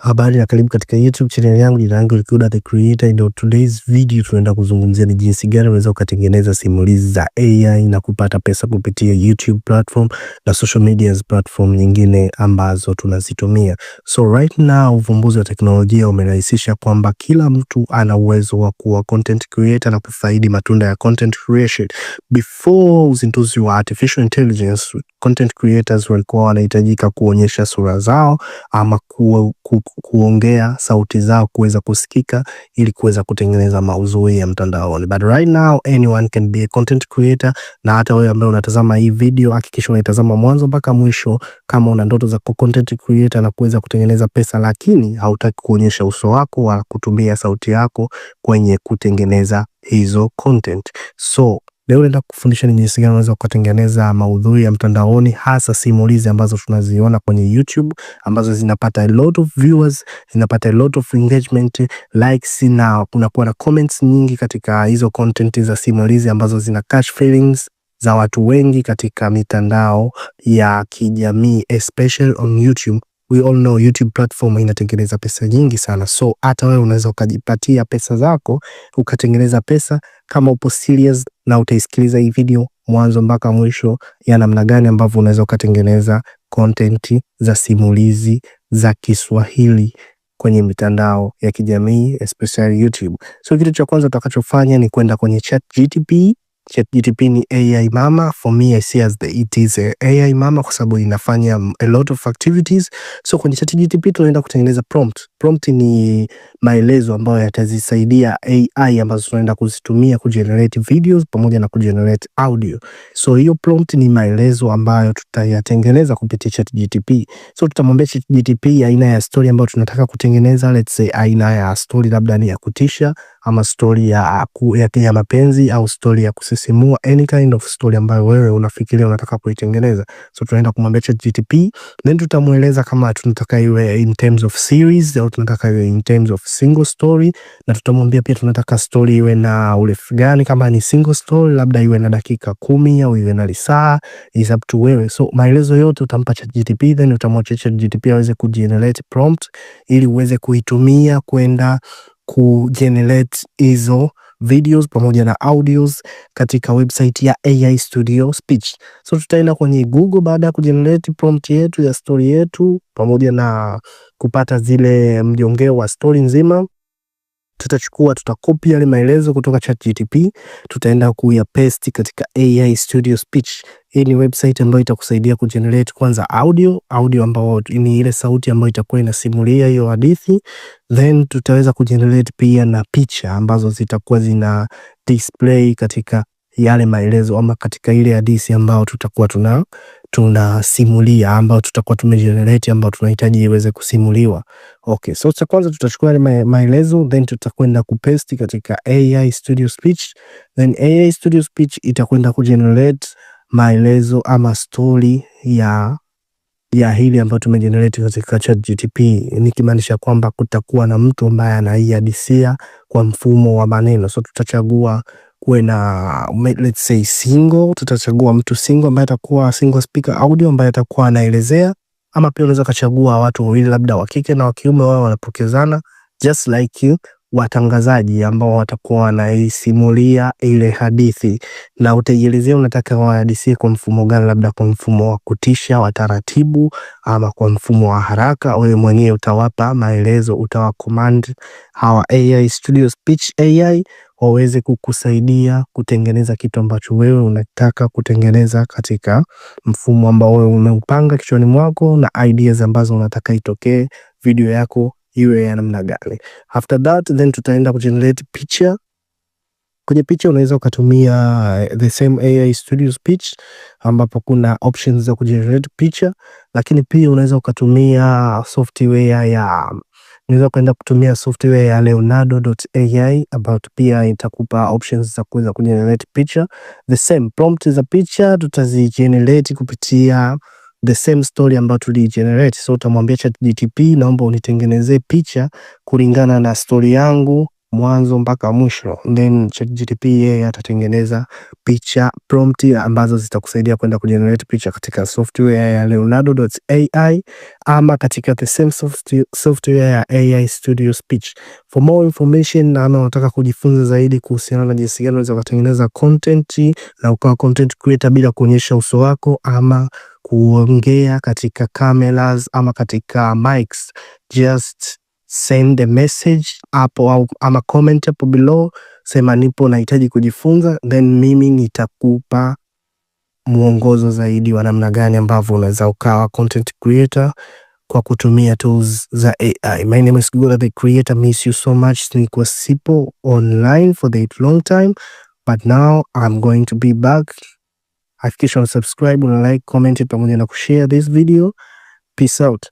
Habari na karibu katika YouTube channel yangu, jina langu Kuda the Creator. Ndio today's video tunaenda kuzungumzia ni jinsi gani unaweza ukatengeneza simulizi za AI na kupata pesa kupitia YouTube platform na social media platform nyingine ambazo tunazitumia. So right now uvumbuzi wa teknolojia umerahisisha kwamba kila mtu ana uwezo wa kuwa content creator na kufaidi matunda ya content creation. Before uzinduzi wa artificial intelligence, content creators walikuwa wanahitajika kuonyesha sura zao ama ku kuongea sauti zao kuweza kusikika ili kuweza kutengeneza mauzui ya mtandaoni. But right now anyone can be a content creator, na hata wewe ambaye unatazama hii video hakikisha unaitazama mwanzo mpaka mwisho, kama una ndoto za ku content creator na kuweza kutengeneza pesa, lakini hautaki kuonyesha uso wako wala kutumia sauti yako kwenye kutengeneza hizo content. So Leo naenda kufundisha ni jinsi gani unaweza kutengeneza maudhui ya mtandaoni hasa simulizi ambazo tunaziona kwenye YouTube ambazo zinapata a lot of viewers, zinapata a lot of engagement, likes na kuna kuwa na comments nyingi katika hizo content za simulizi ambazo zina catch feelings za watu wengi katika mitandao ya kijamii especially on YouTube. We all know YouTube platform inatengeneza pesa nyingi sana, so hata wewe unaweza ukajipatia pesa zako ukatengeneza pesa kama upo serious na utaisikiliza hii video mwanzo mpaka mwisho, ya namna gani ambavyo unaweza ukatengeneza content za simulizi za Kiswahili kwenye mitandao ya kijamii especially YouTube. So kitu cha kwanza utakachofanya ni kwenda kwenye ChatGPT ChatGPT ni AI mama for me, I see as the it is a AI mama kwa sababu inafanya a lot of activities. So kwenye ChatGPT tunaenda kutengeneza prompt. Prompt ni maelezo ambayo yatazisaidia AI ambazo tunaenda kuzitumia kugenerate videos pamoja na kugenerate audio. So hiyo prompt ni maelezo ambayo tutayatengeneza kupitia ChatGPT. So tutamwambia ChatGPT aina ya story ambayo tunataka kutengeneza, let's say aina ya story labda ni ya kutisha ama stori ya, ya, ya mapenzi au stori ya kusisimua, any kind of stori ambayo wewe unafikiria unataka kuitengeneza. So tunaenda kumwambia ChatGPT, then tutamweleza kama tunataka iwe in terms of series au tunataka iwe in terms of single story, na tutamwambia pia tunataka stori iwe na urefu gani. Kama ni single story, labda iwe na dakika kumi au iwe na lisaa, is up to wewe. So maelezo yote utampa ChatGPT, then utamwacha ChatGPT aweze kujenerate prompt ili uweze kuitumia kwenda kugenerate hizo videos pamoja na audios katika website ya AI Studio Speech. So tutaenda kwenye Google baada ya kugenerate prompt yetu ya story yetu pamoja na kupata zile mjongeo wa story nzima tutachukua tutacopy yale maelezo kutoka ChatGPT, tutaenda kuya paste katika AI Studio Speech. Hii ni website ambayo itakusaidia kugenerate kwanza audio, audio ambayo ni ile sauti ambayo itakuwa inasimulia hiyo hadithi, then tutaweza kugenerate pia na picha ambazo zitakuwa zina display katika yale maelezo ama katika ile hadithi ambayo tutakuwa tuna tunasimulia ambayo tutakuwa tumejenereti ambayo tunahitaji iweze kusimuliwa. Okay, so cha kwanza tutachukua yale maelezo then tutakwenda kupaste katika AI Studio Speech, then AI Studio Speech itakwenda kugenerate maelezo ama stori ya ya hili ambayo tumejenereti katika ChatGPT, nikimaanisha kwamba kutakuwa na mtu ambaye anaiadisia kwa mfumo wa maneno. So tutachagua kuwe na let's say single, tutachagua mtu single ambaye atakuwa single speaker audio ambaye atakuwa anaelezea, ama pia unaweza kachagua watu wawili labda wa kike na wa kiume, wao wanapokezana just like you, watangazaji ambao watakuwa wanaisimulia ile hadithi, na utajielezea unataka wahadisie kwa mfumo gani, labda kwa mfumo wa kutisha, wa taratibu, ama kwa mfumo wa haraka. Wewe mwenyewe utawapa maelezo, utawa command hawa AI Studio Speech AI waweze kukusaidia kutengeneza kitu ambacho wewe unataka kutengeneza katika mfumo ambao wewe umeupanga kichwani mwako na ideas ambazo unataka itokee video yako iwe ya namna gani. After that then tutaenda kugenerate picha. Kwenye picha unaweza ukatumia eh, the same AI Studio Pitch ambapo kuna options za kugenerate picha, lakini pia unaweza ukatumia software ya unaweza kuenda kutumia software ya Leonardo.ai about pia itakupa options za kuweza kugenerate picture. The same prompt za picha tutazigenerate kupitia the same story ambayo tuligenerate. So utamwambia ChatGPT, naomba unitengenezee picha kulingana na story yangu mwanzo mpaka mwisho, then ChatGPT yeye atatengeneza picha prompt ambazo zitakusaidia kwenda kugenerate picha katika software ya Leonardo.ai ama katika the same software ya AI Studio Speech. For more information na ama unataka kujifunza zaidi kuhusiana na jinsi gani unaweza kutengeneza content na ukawa content creator bila kuonyesha uso wako ama kuongea katika cameras ama katika mics just send the message hapo au ama comment hapo below, sema nipo nahitaji kujifunza, then mimi nitakupa mwongozo zaidi wa namna gani ambavyo unaweza ukawa content creator kwa kutumia tools za AI. My name is Gula the creator, miss you so much. Nilikuwa sipo online for the long time but now I'm going to be back. Hakikisha unasubscribe, una like, comment pamoja na kushare this video. Peace out.